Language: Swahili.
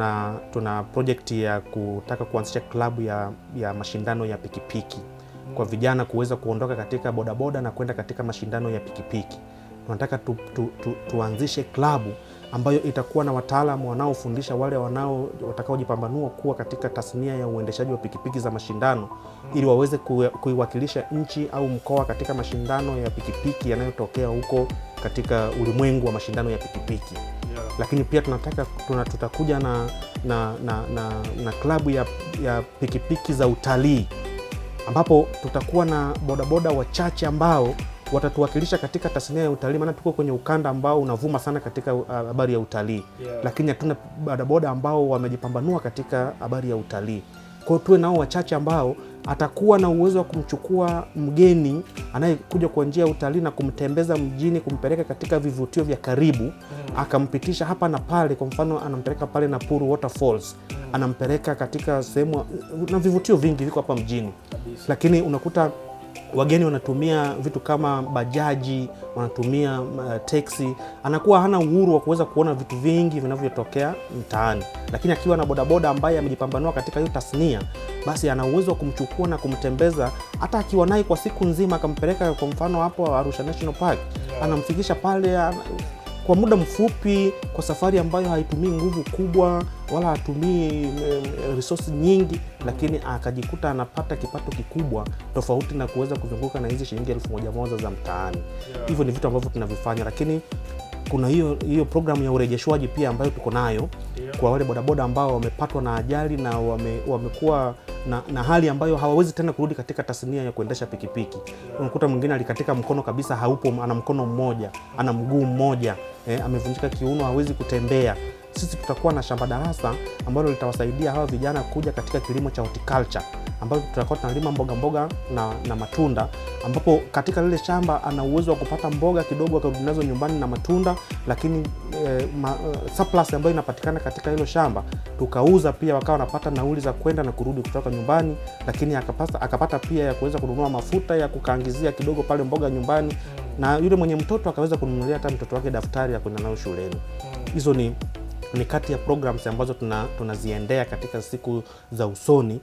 tuna, tuna project ya kutaka kuanzisha klabu ya, ya mashindano ya pikipiki kwa vijana kuweza kuondoka katika bodaboda na kwenda katika mashindano ya pikipiki. Tunataka tu, tu, tu, tuanzishe klabu ambayo itakuwa na wataalamu wanaofundisha wale wanao watakaojipambanua kuwa katika tasnia ya uendeshaji wa pikipiki za mashindano ili waweze kuiwakilisha nchi au mkoa katika mashindano ya pikipiki yanayotokea huko katika ulimwengu wa mashindano ya pikipiki. Lakini pia tunataka tuna, tutakuja na, na, na, na, na klabu ya, ya pikipiki za utalii ambapo tutakuwa na bodaboda wachache ambao watatuwakilisha katika tasnia ya utalii, maana tuko kwenye ukanda ambao unavuma sana katika uh, habari ya utalii yeah. Lakini hatuna bodaboda ambao wamejipambanua katika habari ya utalii, kwa hiyo tuwe nao wachache ambao atakuwa na uwezo wa kumchukua mgeni anayekuja kwa njia ya utalii na kumtembeza mjini, kumpeleka katika vivutio vya karibu mm. Akampitisha hapa na pale, kwa mfano anampeleka pale Puru Waterfalls mm. Anampeleka katika sehemu na vivutio vingi viko hapa mjini Kabisa. Lakini unakuta wageni wanatumia vitu kama bajaji, wanatumia uh, teksi. Anakuwa hana uhuru wa kuweza kuona vitu vingi vinavyotokea mtaani, lakini akiwa na bodaboda ambaye amejipambanua katika hiyo tasnia, basi ana uwezo wa kumchukua na kumtembeza hata akiwa naye kwa siku nzima, akampeleka kwa mfano hapo Arusha National Park, anamfikisha pale kwa muda mfupi, kwa safari ambayo haitumii nguvu kubwa wala hatumii eh, resource nyingi, lakini akajikuta anapata kipato kikubwa tofauti na kuweza kuzunguka na hizi shilingi elfu moja moja za mtaani. Hivyo ni vitu ambavyo tunavifanya, lakini kuna hiyo hiyo programu ya urejeshwaji pia ambayo tuko nayo kwa wale bodaboda ambao wamepatwa na ajali na wame, wamekuwa na, na hali ambayo hawawezi tena kurudi katika tasnia ya kuendesha pikipiki. Unakuta mwingine alikatika mkono kabisa, haupo, ana mkono mmoja, ana mguu mmoja eh, amevunjika kiuno, hawezi kutembea. Sisi tutakuwa na shamba darasa ambalo litawasaidia hawa vijana kuja katika kilimo cha horticulture ambapo tutakuwa tunalima mboga mboga na, na matunda ambapo katika lile shamba ana uwezo wa kupata mboga kidogo akarudi nazo nyumbani na matunda, lakini eh, ma, uh, surplus ambayo inapatikana katika hilo shamba tukauza, pia wakawa wanapata nauli za kwenda na kurudi kutoka nyumbani, lakini akapata, akapata pia ya kuweza kununua mafuta ya kukaangizia kidogo pale mboga nyumbani, na yule mwenye mtoto akaweza kununulia hata mtoto wake daftari ya kuenda nayo shuleni. Hizo ni ni kati ya programs ambazo tunaziendea tuna katika siku za usoni